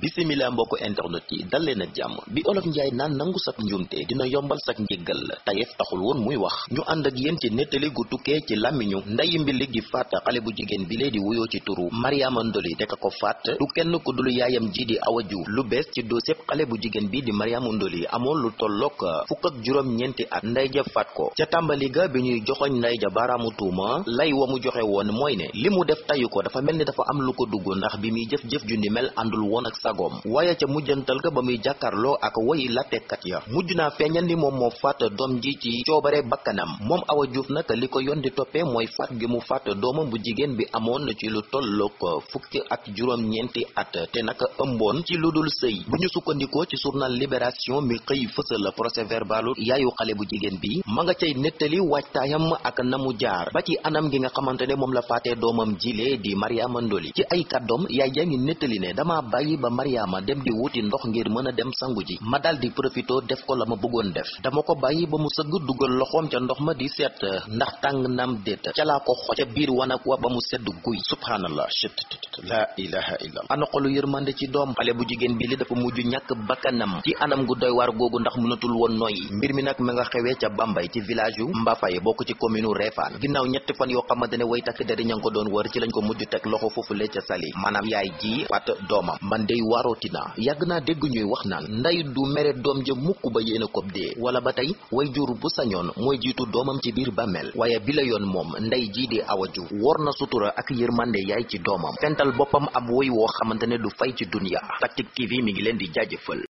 bisimila mbokk internet yi dal leen ak jàmm bi olof njaay naan nangu sak njuumte dina yombal sak njéggal la tayef taxul woon muy wax ñu ànd ak yéen ci nettali gu tukkee ci làmmiñu ndayi mbili di faata xale bu jigéen bi lee di wuyoo ci turu mariama ndoli te ka ko faat du kenn ku dul yaayam ji di awa juuf lu bees ci dossier xale bu jigéen bi di mariama ndoli amoon lu tollook fukk ak juróom ñeenti at nday ja faat ko ca tàmbali ga bi ñuy joxoñ nday ja baaraamu lay wa mu joxe woon mooy ne li mu def tayu ko dafa mel ni dafa am lu ko dugg ndax bi muy jëf-jëf ju ni mel àndul woon ak sagoom waaye ca mujjantal ga ba muy jàkkaarloo ak woyi lattekat ya mujj na feeñal ni moom moo faat doom ji ci coobare bakkanam moom Awa Diouf nag li ko yoon di toppee mooy faat gi mu faat doomam bu jigéen bi amoon ci lu tollook fukki ak juróom-ñeenti at te nag ëmboon ci lu dul sëy bu ñu sukkandikoo ci journal Libération mi xëy fësal procès verbalu yaayu xale bu jigéen bi ma nga cay nettali waajtaayam ak namu jaar ba ci anam gi nga xamante ne moom la faatee doomam jilee di Mariama Ndoli ci ay kàddoom yaay ja nettali ne dama bàyyi ba Mariama dem di wuti ndox ngir mën a dem sangu ji ma dal di profito def ko la ma bëggoon def dama ko bàyyi ba mu sëgg dugal loxoom ca ndox ma di seet ndax tàng nam déet ca laa ko xoj ca biir wanak wa ba mu sedd guy subhanallah la ilaha illa ana xolu yërmande ci doom xale bu jigéen bi li dafa mujj ñàkk bakkanam ci anam gu doy waar googu ndax mënatul woon noyyi mbir mi nag ma nga xewee ca Bambay ci village yu Mbafaye bokk ci commune u Refane ginnaaw ñetti fan yoo xamante ne way takk dari ña ngi ko doon wër ci lañ ko mujj teg loxo foofu le ca Saly maanaam yaay ji wat waarootina yàgg naa dégg ñuy wax naan nday du mere doom ja mukk ba yéen a kob dee wala ba tey way jur bu sañoon mooy jiitu doomam ci biir bàmmeel waaye bi la yoon moom nday jii di Awa Diouf wor na sutura ak yërmande yaay ci doomam fental boppam ab woy woo xamante ne du fay ci dunya Tactic TV mi ngi leen di jaajëfal